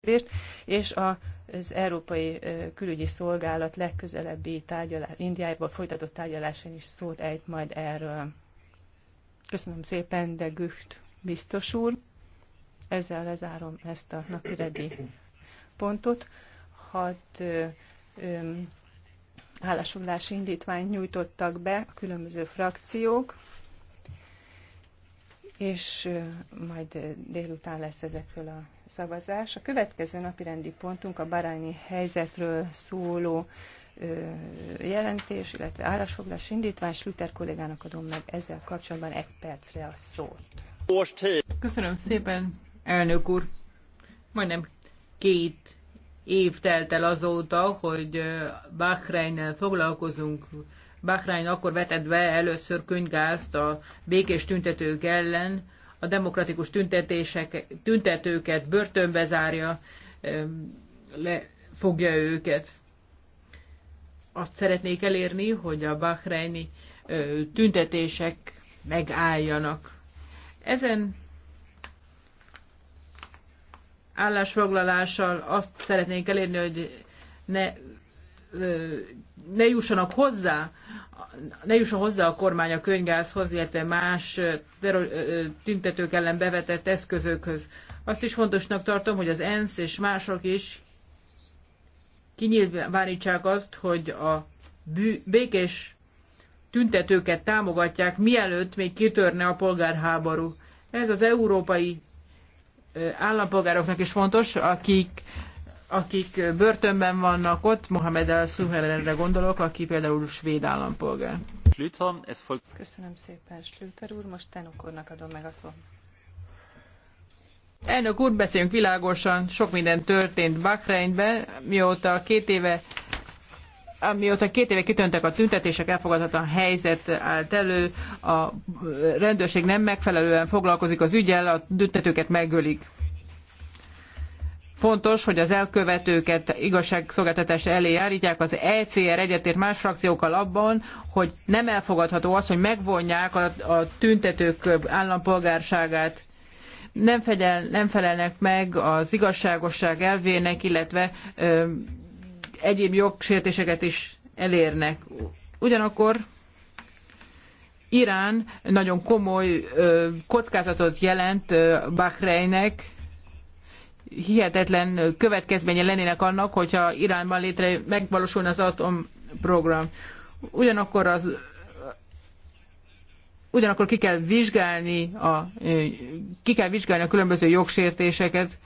kérdést, és a az Európai Külügyi Szolgálat legközelebbi tárgyalás, Indiájában folytatott tárgyalásán is szót ejt majd erről. Köszönöm szépen, de Gücht biztos úr. Ezzel lezárom ezt a napiredi pontot. Hat állásulási indítványt nyújtottak be a különböző frakciók és majd délután lesz ezekről a szavazás. A következő napi rendi pontunk a barányi helyzetről szóló jelentés, illetve állásfoglás indítvány. Luther kollégának adom meg ezzel kapcsolatban egy percre a szót. Köszönöm szépen, elnök úr. Majdnem két év telt el azóta, hogy Bahreinnel foglalkozunk, Bahrain akkor vetett be először könygázt a békés tüntetők ellen, a demokratikus tüntetések, tüntetőket börtönbe zárja, lefogja őket. Azt szeretnék elérni, hogy a bahreini tüntetések megálljanak. Ezen állásfoglalással azt szeretnénk elérni, hogy ne, ne jussanak hozzá ne jusson hozzá a kormány a könygázhoz, illetve más tüntetők ellen bevetett eszközökhöz. Azt is fontosnak tartom, hogy az ENSZ és mások is kinyilvánítsák azt, hogy a bű, békés tüntetőket támogatják, mielőtt még kitörne a polgárháború. Ez az európai állampolgároknak is fontos, akik akik börtönben vannak ott, Mohamed al Suherenre gondolok, aki például svéd állampolgár. Köszönöm szépen, Slüter úr, most Tenukornak adom meg a szót. Elnök úr, beszéljünk világosan, sok minden történt Bahreinben, mióta két éve Amióta két éve kitöntek a tüntetések, elfogadhatatlan helyzet állt elő, a rendőrség nem megfelelően foglalkozik az ügyel, a tüntetőket megölik. Fontos, hogy az elkövetőket igazságszolgáltatás elé állítják. Az ECR egyetért más frakciókkal abban, hogy nem elfogadható az, hogy megvonják a, a tüntetők állampolgárságát nem, fegyel, nem felelnek meg az igazságosság elvének, illetve ö, egyéb jogsértéseket is elérnek. Ugyanakkor Irán nagyon komoly ö, kockázatot jelent Bahreinnek, hihetetlen következménye lennének annak, hogyha Iránban létre megvalósulna az atomprogram. Ugyanakkor az ugyanakkor ki kell vizsgálni a, ki kell vizsgálni a különböző jogsértéseket.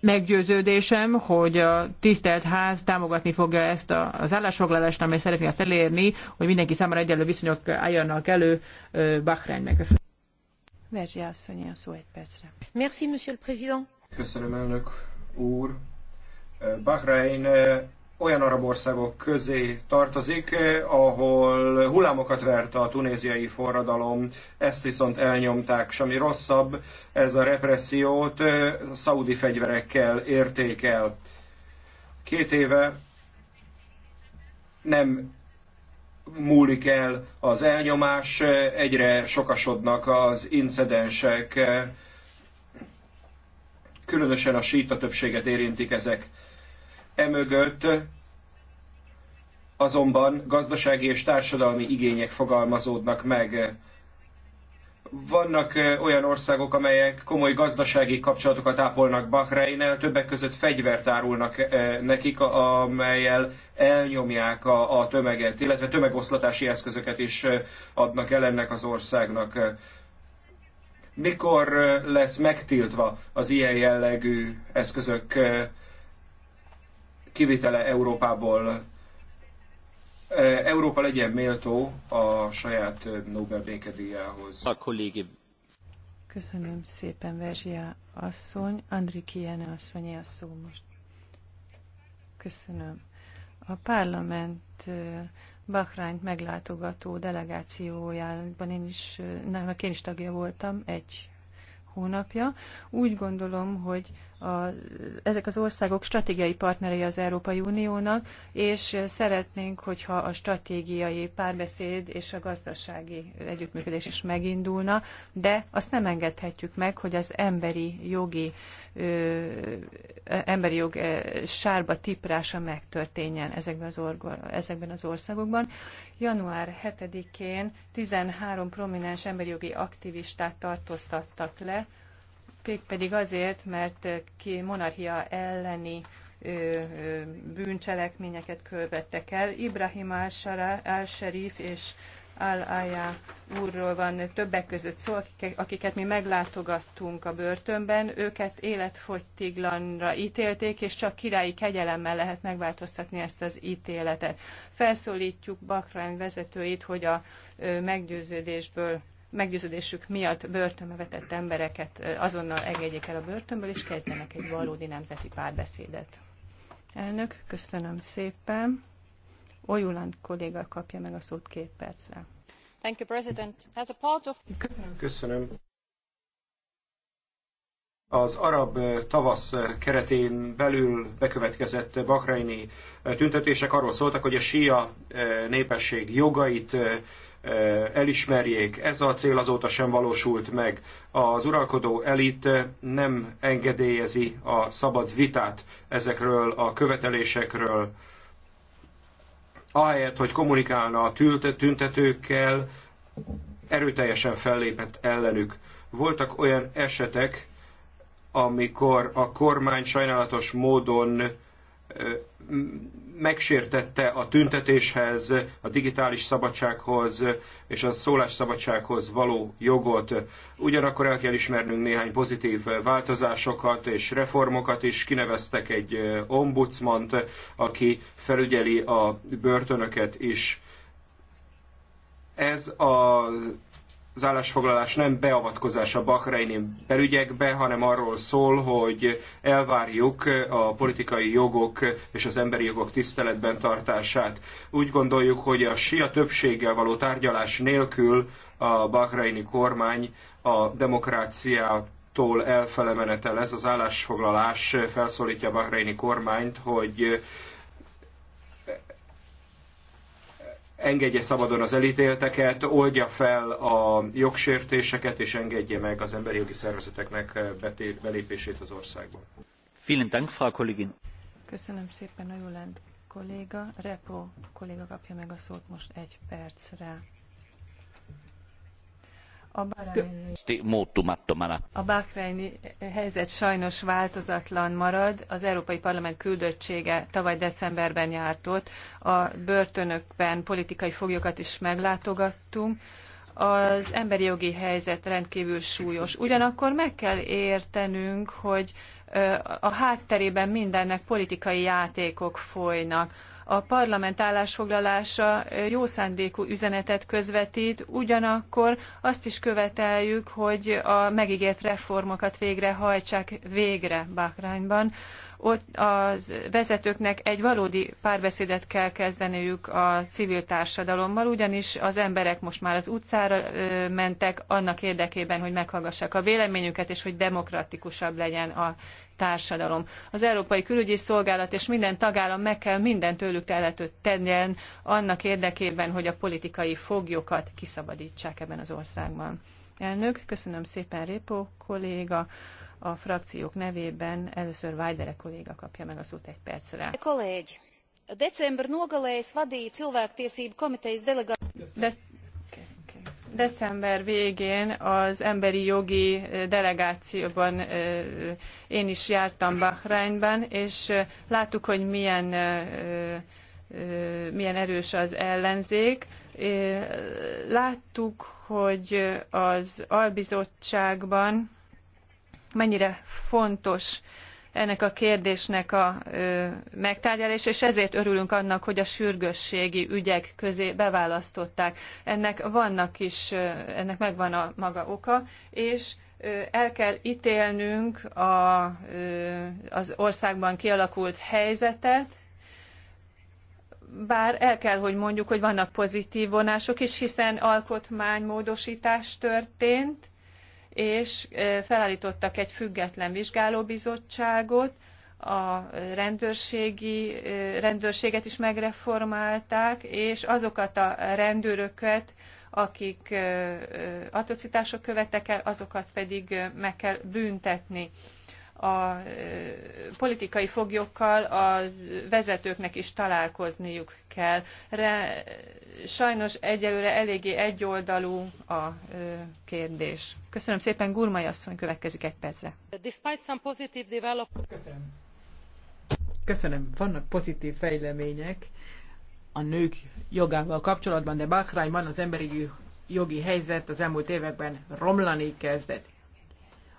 Meggyőződésem, hogy a tisztelt ház támogatni fogja ezt a, az állásfoglalást, amely szeretné azt elérni, hogy mindenki számára egyenlő viszonyok álljanak elő Bahreinnek. Verzsi asszony, a szó egy percre. Merci, monsieur le président. Köszönöm, elnök úr. Bahrein eh, olyan arab országok közé tartozik, eh, ahol hullámokat vert a tunéziai forradalom, ezt viszont elnyomták, és ami rosszabb, ez a repressziót a eh, szaudi fegyverekkel érték el. Két éve nem múlik el az elnyomás, egyre sokasodnak az incidensek, különösen a síta többséget érintik ezek. Emögött azonban gazdasági és társadalmi igények fogalmazódnak meg vannak olyan országok, amelyek komoly gazdasági kapcsolatokat ápolnak Bahreinnel, többek között fegyvert árulnak nekik, amelyel elnyomják a, a tömeget, illetve tömegoszlatási eszközöket is adnak el ennek az országnak. Mikor lesz megtiltva az ilyen jellegű eszközök kivitele Európából? Európa legyen méltó a saját Nobel békedíjához. A kollégi. Köszönöm szépen, Verzsia asszony. Andri Kiene asszonyi a szó most. Köszönöm. A parlament Bahrányt meglátogató delegációjában én is, én is tagja voltam egy hónapja. Úgy gondolom, hogy a, ezek az országok stratégiai partnerei az Európai Uniónak, és szeretnénk, hogyha a stratégiai párbeszéd és a gazdasági együttműködés is megindulna, de azt nem engedhetjük meg, hogy az emberi jogi ö, emberi jog sárba tiprása megtörténjen ezekben az, orgo, ezekben az országokban. Január 7-én 13 prominens emberi jogi aktivistát tartóztattak le, pedig azért, mert ki monarchia elleni bűncselekményeket követtek el. Ibrahim al-Sharif és Al-Aya úrról van többek között szó, akiket mi meglátogattunk a börtönben. Őket életfogytiglanra ítélték, és csak királyi kegyelemmel lehet megváltoztatni ezt az ítéletet. Felszólítjuk Bakrán vezetőit, hogy a meggyőződésből meggyőződésük miatt börtönbe vetett embereket azonnal engedjék el a börtönből, és kezdjenek egy valódi nemzeti párbeszédet. Elnök, köszönöm szépen. Ojuland kolléga kapja meg a szót két percre. Thank you, President. As a part of... Köszönöm. köszönöm. Az arab tavasz keretén belül bekövetkezett bahreini tüntetések arról szóltak, hogy a síja népesség jogait Eh, elismerjék. Ez a cél azóta sem valósult meg. Az uralkodó elit eh, nem engedélyezi a szabad vitát ezekről a követelésekről. Ahelyett, hogy kommunikálna a tüntetőkkel, erőteljesen fellépett ellenük. Voltak olyan esetek, amikor a kormány sajnálatos módon megsértette a tüntetéshez, a digitális szabadsághoz és a szólásszabadsághoz való jogot. Ugyanakkor el kell ismernünk néhány pozitív változásokat és reformokat is. Kineveztek egy ombudsmant, aki felügyeli a börtönöket is. Ez a az állásfoglalás nem beavatkozás a bahreini belügyekbe, hanem arról szól, hogy elvárjuk a politikai jogok és az emberi jogok tiszteletben tartását. Úgy gondoljuk, hogy a sia többséggel való tárgyalás nélkül a bahreini kormány a demokrácia tól menetel. ez az állásfoglalás felszólítja a bahreini kormányt, hogy engedje szabadon az elítélteket, oldja fel a jogsértéseket, és engedje meg az emberi jogi szervezeteknek eh, belépését az országba. Vielen Dank, Frau Kollegin. Köszönöm szépen, Ajuland kolléga. Repo kolléga kapja meg a szót most egy percre. A bahreini, a bahreini helyzet sajnos változatlan marad. Az Európai Parlament küldöttsége tavaly decemberben járt ott. A börtönökben politikai foglyokat is meglátogattunk. Az emberi jogi helyzet rendkívül súlyos. Ugyanakkor meg kell értenünk, hogy a hátterében mindennek politikai játékok folynak a parlament állásfoglalása jó szándékú üzenetet közvetít, ugyanakkor azt is követeljük, hogy a megígért reformokat végrehajtsák végre Bahrányban ott a vezetőknek egy valódi párbeszédet kell kezdeniük a civil társadalommal, ugyanis az emberek most már az utcára mentek annak érdekében, hogy meghallgassák a véleményüket, és hogy demokratikusabb legyen a társadalom. Az Európai Külügyi Szolgálat és minden tagállam meg kell minden tőlük teletőt tenjen annak érdekében, hogy a politikai foglyokat kiszabadítsák ebben az országban. Elnök, köszönöm szépen Répo kolléga a frakciók nevében először Vajdere kolléga kapja meg a szót egy percre. Kollégy, december nogalēs vadīja cilvēktiesību komitejas december végén az emberi jogi eh, delegációban eh, én is jártam Bahreinben, és eh, láttuk, hogy milyen, milyen erős az ellenzék. Láttuk, hogy az albizottságban mennyire fontos ennek a kérdésnek a megtárgyalása, és ezért örülünk annak, hogy a sürgősségi ügyek közé beválasztották. Ennek vannak is, ennek megvan a maga oka, és el kell ítélnünk a, az országban kialakult helyzetet, bár el kell, hogy mondjuk, hogy vannak pozitív vonások is, hiszen alkotmánymódosítás történt, és felállítottak egy független vizsgálóbizottságot, a rendőrségi, rendőrséget is megreformálták, és azokat a rendőröket, akik atrocitások követtek el, azokat pedig meg kell büntetni a politikai foglyokkal a vezetőknek is találkozniuk kell. Re, sajnos egyelőre eléggé egyoldalú a kérdés. Köszönöm szépen, Gurmai asszony következik egy percre. Köszönöm. Köszönöm. Vannak pozitív fejlemények a nők jogával kapcsolatban, de Bahrájban az emberi jogi helyzet az elmúlt években romlani kezdett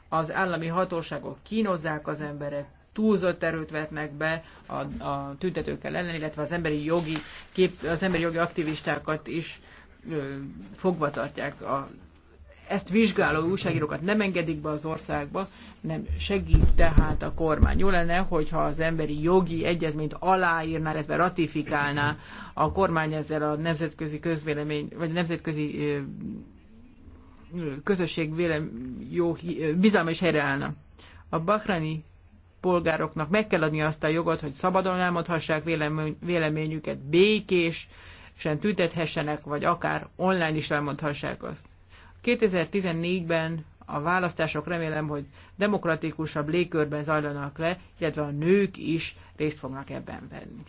az állami hatóságok kínozzák az emberek, túlzott erőt vetnek be a, a tüntetőkkel ellen, illetve az emberi jogi, kép, az emberi jogi aktivistákat is ö, fogva tartják. A, ezt vizsgáló újságírókat nem engedik be az országba, nem segít tehát a kormány. Jó lenne, hogyha az emberi jogi egyezményt aláírná, illetve ratifikálná a kormány ezzel a nemzetközi közvélemény, vagy a nemzetközi ö, közösség vélem jó bizalma is helyreállna. A bahrani polgároknak meg kell adni azt a jogot, hogy szabadon elmondhassák véleményüket, békés, sem tüntethessenek, vagy akár online is elmondhassák azt. 2014-ben a választások remélem, hogy demokratikusabb légkörben zajlanak le, illetve a nők is részt fognak ebben venni.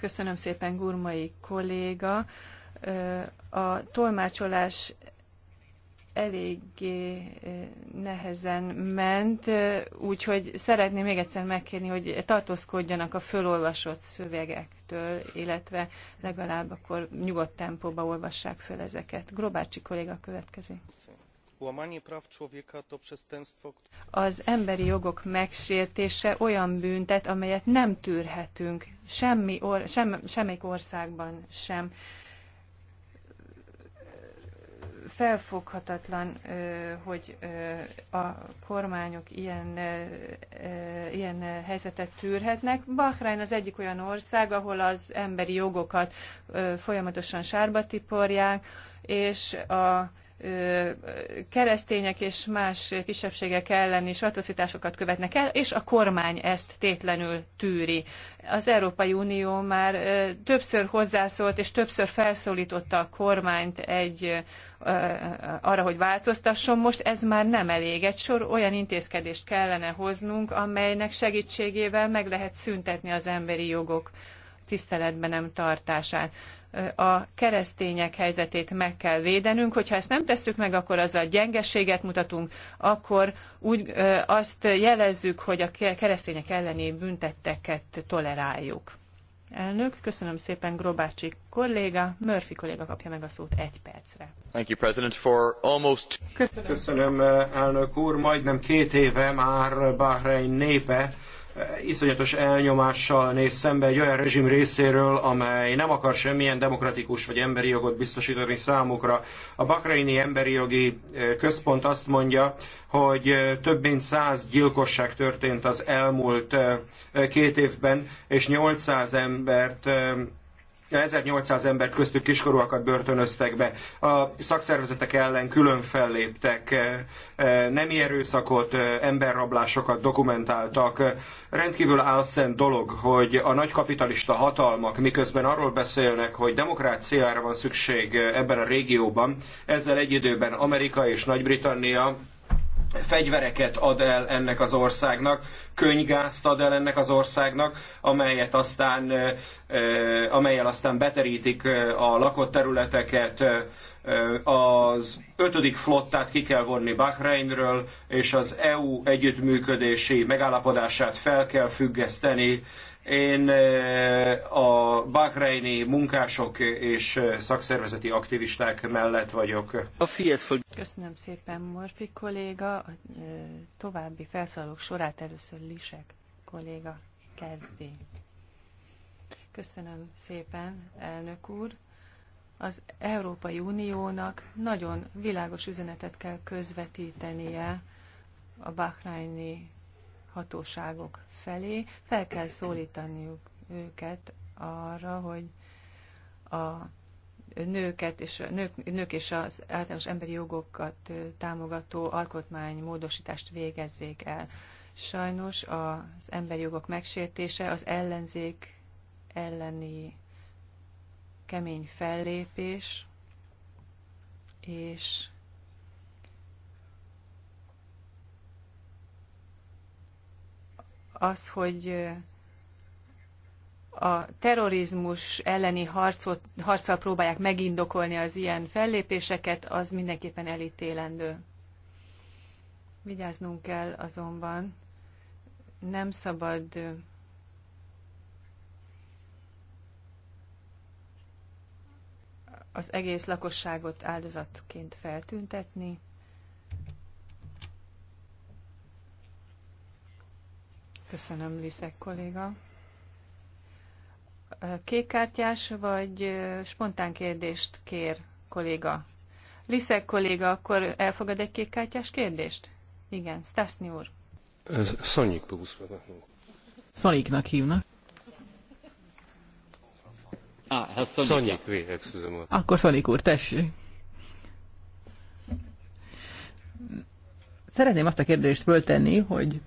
Köszönöm szépen, Gurmai kolléga a tolmácsolás eléggé nehezen ment, úgyhogy szeretném még egyszer megkérni, hogy tartózkodjanak a fölolvasott szövegektől, illetve legalább akkor nyugodt tempóba olvassák föl ezeket. Grobácsi kolléga következik. Az emberi jogok megsértése olyan büntet, amelyet nem tűrhetünk semmi or, sem, semmelyik országban sem felfoghatatlan, hogy a kormányok ilyen, ilyen helyzetet tűrhetnek. Bahrein az egyik olyan ország, ahol az emberi jogokat folyamatosan sárba tiporják, és a keresztények és más kisebbségek elleni atrocitásokat követnek el, és a kormány ezt tétlenül tűri. Az Európai Unió már többször hozzászólt és többször felszólította a kormányt egy, arra, hogy változtasson. Most ez már nem elég. Egy sor olyan intézkedést kellene hoznunk, amelynek segítségével meg lehet szüntetni az emberi jogok tiszteletben nem tartását. A keresztények helyzetét meg kell védenünk, hogyha ezt nem tesszük meg, akkor azzal gyengeséget mutatunk, akkor úgy azt jelezzük, hogy a keresztények elleni büntetteket toleráljuk. Elnök, köszönöm szépen Grobácsi kolléga, Murphy kolléga kapja meg a szót egy percre. Thank you, President, for almost... Köszönöm. köszönöm, elnök úr, majdnem két éve már Bahrein népe iszonyatos elnyomással néz szembe egy olyan rezsim részéről, amely nem akar semmilyen demokratikus vagy emberi jogot biztosítani számukra. A Bahreini Emberi Jogi eh, Központ azt mondja, hogy eh, több mint száz gyilkosság történt az elmúlt eh, két évben, és 800 embert 1800 ember köztük kiskorúakat börtönöztek be. A szakszervezetek ellen külön felléptek, e, e, nemi erőszakot, e, emberrablásokat dokumentáltak. Rendkívül álszent dolog, hogy a nagykapitalista hatalmak miközben arról beszélnek, hogy demokráciára van szükség ebben a régióban, ezzel egy időben Amerika és Nagy-Britannia fegyvereket ad el ennek az országnak, könygázt ad el ennek az országnak, amelyet aztán, amelyel aztán beterítik a lakott területeket, az ötödik flottát ki kell vonni Bahreinről, és az EU együttműködési megállapodását fel kell függeszteni én a bahreini munkások és szakszervezeti aktivisták mellett vagyok. A Köszönöm szépen, Morfi kolléga. A további felszólalók sorát először Lisek kolléga kezdi. Köszönöm szépen, elnök úr. Az Európai Uniónak nagyon világos üzenetet kell közvetítenie a bahreini hatóságok felé. Fel kell szólítaniuk őket arra, hogy a nőket és, nők, nők és az általános emberi jogokat támogató alkotmány módosítást végezzék el. Sajnos az emberi jogok megsértése az ellenzék elleni kemény fellépés, és az, hogy a terrorizmus elleni harcot, harccal próbálják megindokolni az ilyen fellépéseket, az mindenképpen elítélendő. Vigyáznunk kell azonban, nem szabad az egész lakosságot áldozatként feltüntetni, Köszönöm, Liszek kolléga. Kékkártyás vagy spontán kérdést kér kolléga? Liszek kolléga, akkor elfogad egy kékkártyás kérdést? Igen, Stasny úr. Szonyikba Szoniknak hívnak. Ah, hát Szonyik, oui, Akkor szonyik úr, tessék. Szeretném azt a kérdést föltenni, hogy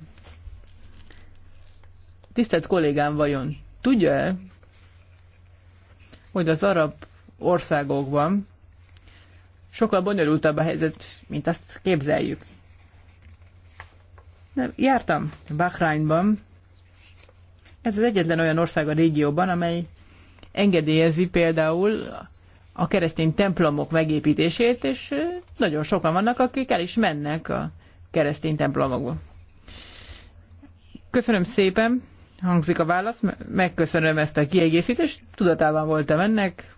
Tisztelt kollégám, vajon tudja-e, hogy az arab országokban sokkal bonyolultabb a helyzet, mint azt képzeljük? Nem, jártam Bahrainban. Ez az egyetlen olyan ország a régióban, amely engedélyezi például a keresztény templomok megépítését, és nagyon sokan vannak, akik el is mennek a keresztény templomokba. Köszönöm szépen! hangzik a válasz. Megköszönöm ezt a kiegészítést, tudatában voltam ennek.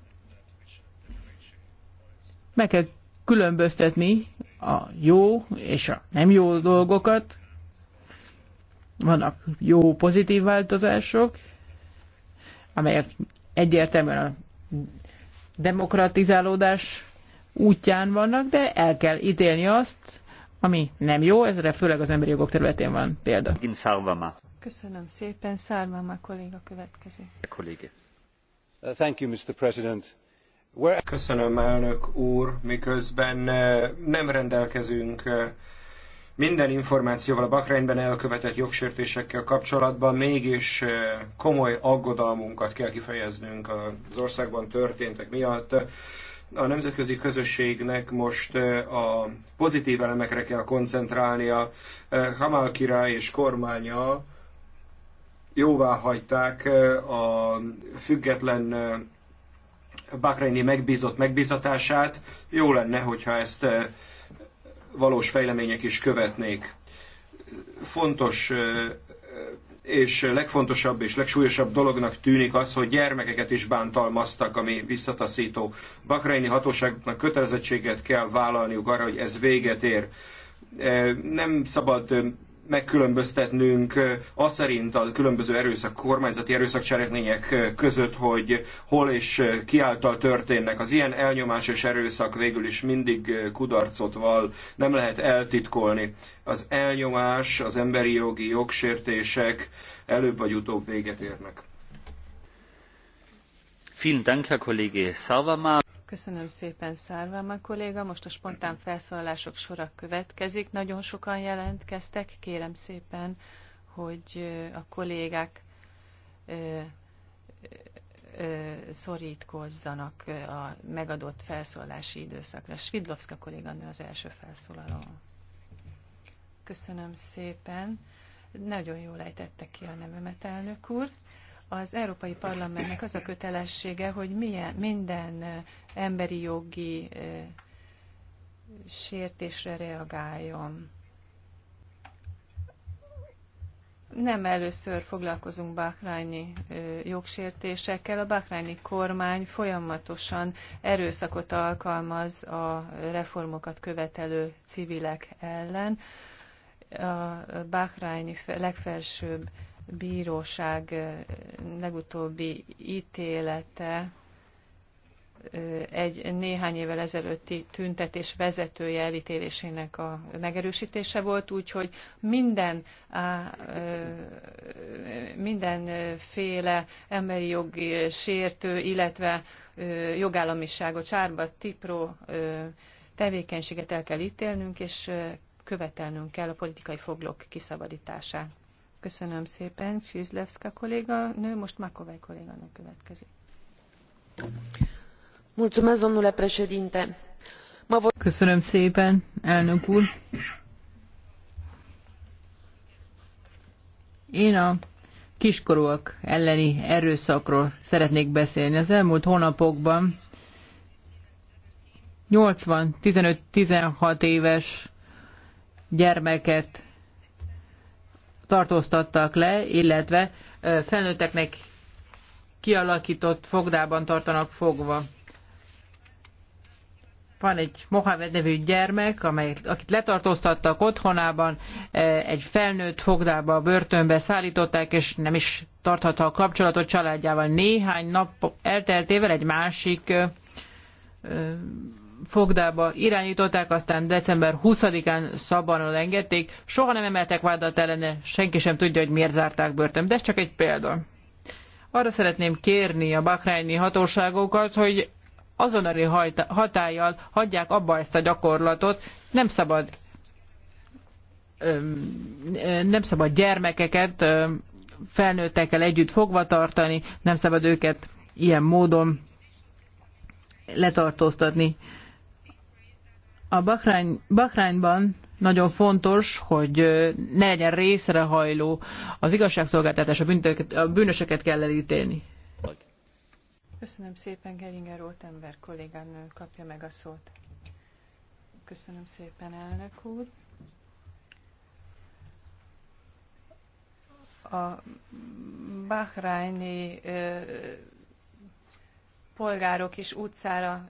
Meg kell különböztetni a jó és a nem jó dolgokat. Vannak jó pozitív változások, amelyek egyértelműen a demokratizálódás útján vannak, de el kell ítélni azt, ami nem jó, ezre főleg az emberi jogok területén van példa. Köszönöm szépen. Szárvámá kolléga következik. Uh, thank you, Mr. President. Where... Köszönöm, elnök úr. Miközben uh, nem rendelkezünk uh, minden információval a Bahreinben elkövetett jogsértésekkel kapcsolatban mégis komoly aggodalmunkat kell kifejeznünk az országban történtek miatt. A nemzetközi közösségnek most a pozitív elemekre kell koncentrálnia. Hamal király és kormánya jóvá hagyták a független Bahreini megbízott megbízatását. Jó lenne, hogyha ezt valós fejlemények is követnék. Fontos és legfontosabb és legsúlyosabb dolognak tűnik az, hogy gyermekeket is bántalmaztak, ami visszataszító. Bahreini hatóságoknak kötelezettséget kell vállalniuk arra, hogy ez véget ér. Nem szabad megkülönböztetnünk az szerint a különböző erőszak, kormányzati erőszakcselekmények között, hogy hol és ki által történnek. Az ilyen elnyomás és erőszak végül is mindig kudarcot val, nem lehet eltitkolni. Az elnyomás, az emberi jogi jogsértések előbb vagy utóbb véget érnek. Vielen Dank, Herr Kollege Savama. Köszönöm szépen, a kolléga. Most a spontán felszólalások sora következik. Nagyon sokan jelentkeztek. Kérem szépen, hogy a kollégák szorítkozzanak a megadott felszólalási időszakra. Svidlovska kolléganő az első felszólaló. Köszönöm szépen. Nagyon jól ejtette ki a nevemet, elnök úr az Európai Parlamentnek az a kötelessége, hogy milyen, minden emberi jogi sértésre reagáljon. Nem először foglalkozunk bákrányi jogsértésekkel. A bákrányi kormány folyamatosan erőszakot alkalmaz a reformokat követelő civilek ellen. A bákrányi legfelsőbb bíróság legutóbbi ítélete egy néhány évvel ezelőtti tüntetés vezetője elítélésének a megerősítése volt, úgyhogy minden, á, mindenféle emberi jogi sértő, illetve jogállamiságot sárba tipró tevékenységet el kell ítélnünk, és követelnünk kell a politikai foglók kiszabadítását. Köszönöm szépen, Csizlevszka kolléga nő, most Makovej kolléganő következik. Mulțumesc, domnule președinte. Mă voi... Köszönöm szépen, elnök úr. Én a kiskorúak elleni erőszakról szeretnék beszélni. Az elmúlt hónapokban 80-15-16 éves gyermeket tartóztattak le, illetve felnőtteknek kialakított fogdában tartanak fogva. Van egy Mohamed nevű gyermek, amelyet, akit letartóztattak otthonában, egy felnőtt fogdába, börtönbe szállították, és nem is tarthatta a kapcsolatot családjával. Néhány nap elteltével egy másik fogdába irányították, aztán december 20-án szabadon engedték. Soha nem emeltek vádat ellene, senki sem tudja, hogy miért zárták börtön. De ez csak egy példa. Arra szeretném kérni a bakrányi hatóságokat, hogy azonnali hatállyal hagyják abba ezt a gyakorlatot. Nem szabad nem szabad gyermekeket felnőttekkel együtt fogva tartani, nem szabad őket ilyen módon letartóztatni. A Bahrein Bahreinban nagyon fontos, hogy ne legyen részrehajló az igazságszolgáltatás, a, bűntöket, a bűnöseket kell elítélni. Köszönöm szépen, Geringer Oltember Kollégán, kapja meg a szót. Köszönöm szépen, elnök úr. A Bahrájni polgárok is utcára,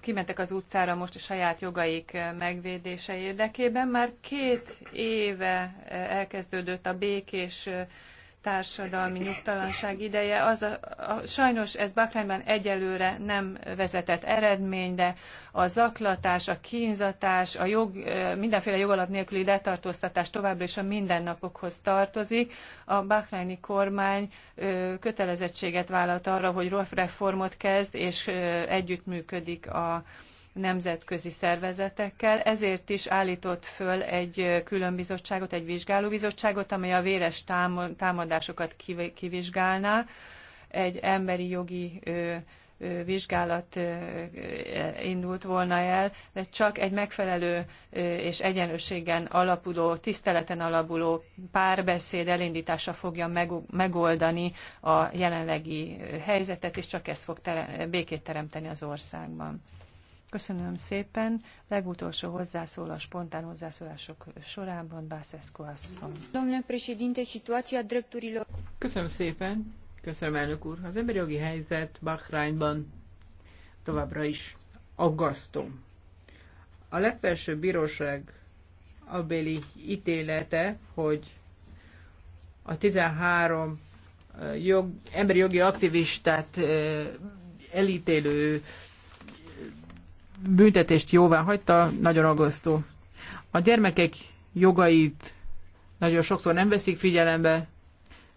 kimentek az utcára most a saját jogaik megvédése érdekében. Már két éve elkezdődött a békés társadalmi nyugtalanság ideje, az a, a, sajnos ez Bakrányban egyelőre nem vezetett eredményre, a zaklatás, a kínzatás, a jog, mindenféle jogalap nélküli letartóztatás továbbra is a mindennapokhoz tartozik. A bakrányi kormány kötelezettséget vállalt arra, hogy reformot kezd, és együttműködik a nemzetközi szervezetekkel, ezért is állított föl egy külön bizottságot, egy vizsgálóbizottságot, amely a véres támadásokat kivizsgálná, egy emberi jogi vizsgálat indult volna el, de csak egy megfelelő és egyenlőségen alapuló, tiszteleten alapuló párbeszéd elindítása fogja megoldani a jelenlegi helyzetet, és csak ez fog tere- békét teremteni az országban. Köszönöm szépen. Legutolsó hozzászól a spontán hozzászólások sorában Bászeszko asszony. Köszönöm szépen. Köszönöm, elnök úr. Az emberi jogi helyzet Bahrányban továbbra is aggasztó. A legfelsőbb bíróság abbéli ítélete, hogy a 13 eh, jog, emberi jogi aktivistát eh, elítélő büntetést jóvá hagyta, nagyon aggasztó. A gyermekek jogait nagyon sokszor nem veszik figyelembe,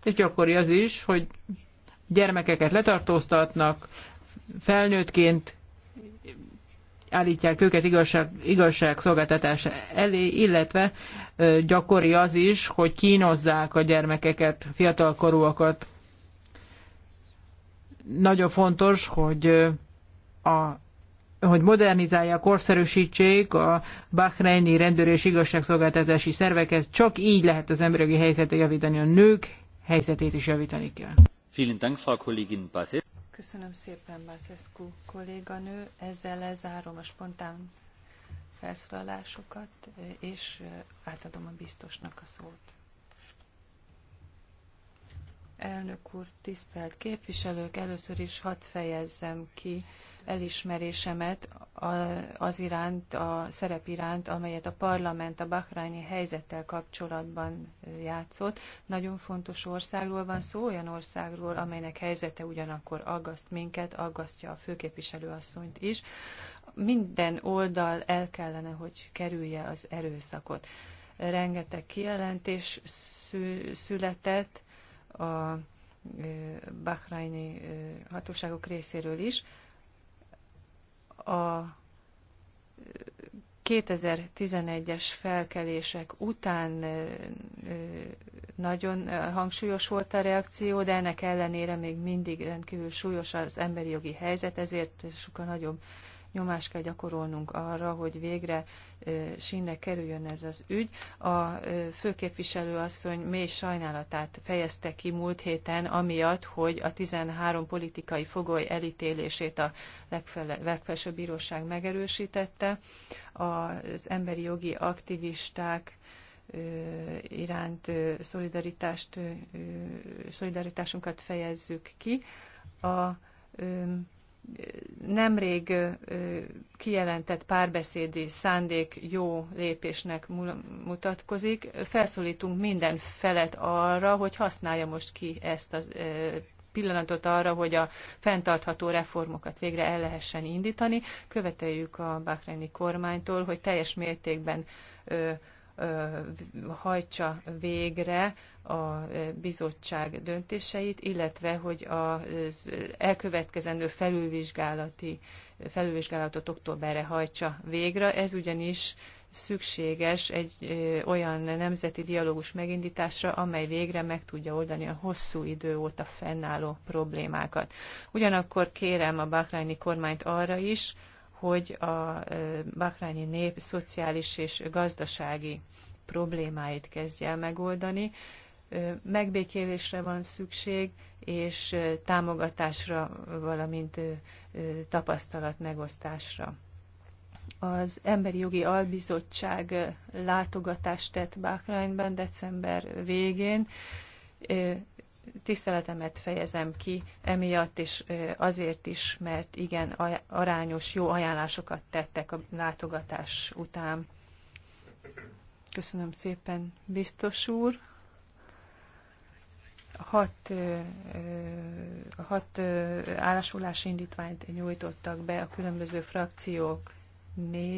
és gyakori az is, hogy gyermekeket letartóztatnak, felnőttként állítják őket igazság, igazságszolgáltatás elé, illetve gyakori az is, hogy kínozzák a gyermekeket, fiatalkorúakat. Nagyon fontos, hogy a hogy modernizálja, korszerűsítsék a Bahreini rendőr és igazságszolgáltatási szerveket. Csak így lehet az emberi helyzetet javítani, a nők helyzetét is javítani kell. Köszönöm szépen, Bászeszkú kolléganő. Ezzel lezárom a spontán felszólalásokat, és átadom a biztosnak a szót. Elnök úr, tisztelt képviselők, először is hadd fejezzem ki, elismerésemet az iránt, a szerep iránt, amelyet a parlament a bahráni helyzettel kapcsolatban játszott. Nagyon fontos országról van szó, olyan országról, amelynek helyzete ugyanakkor aggaszt minket, aggasztja a főképviselőasszonyt is. Minden oldal el kellene, hogy kerülje az erőszakot. Rengeteg kijelentés született a bahraini hatóságok részéről is, a 2011-es felkelések után nagyon hangsúlyos volt a reakció, de ennek ellenére még mindig rendkívül súlyos az emberi jogi helyzet, ezért sokkal nagyobb nyomást kell gyakorolnunk arra, hogy végre sínre kerüljön ez az ügy. A főképviselő asszony mély sajnálatát fejezte ki múlt héten, amiatt, hogy a 13 politikai fogoly elítélését a legfelsőbb bíróság megerősítette. Az emberi jogi aktivisták iránt szolidaritást, szolidaritásunkat fejezzük ki. A nemrég kijelentett párbeszédi szándék jó lépésnek mutatkozik. Felszólítunk minden felet arra, hogy használja most ki ezt a pillanatot arra, hogy a fenntartható reformokat végre el lehessen indítani. Követeljük a Bahreini kormánytól, hogy teljes mértékben hajtsa végre a e, bizottság döntéseit, illetve hogy az elkövetkezendő felülvizsgálati, felülvizsgálatot októberre hajtsa végre. Ez ugyanis szükséges egy e, olyan nemzeti dialógus megindításra, amely végre meg tudja oldani a hosszú idő óta fennálló problémákat. Ugyanakkor kérem a bakrányi kormányt arra is, hogy a e, bakrányi nép szociális és gazdasági problémáit kezdje el megoldani, megbékélésre van szükség, és támogatásra, valamint tapasztalat megosztásra. Az Emberi Jogi Albizottság látogatást tett Bákrányban december végén. Tiszteletemet fejezem ki emiatt, és azért is, mert igen, arányos, jó ajánlásokat tettek a látogatás után. Köszönöm szépen, biztos úr hat, hat állásolási indítványt nyújtottak be a különböző frakciók né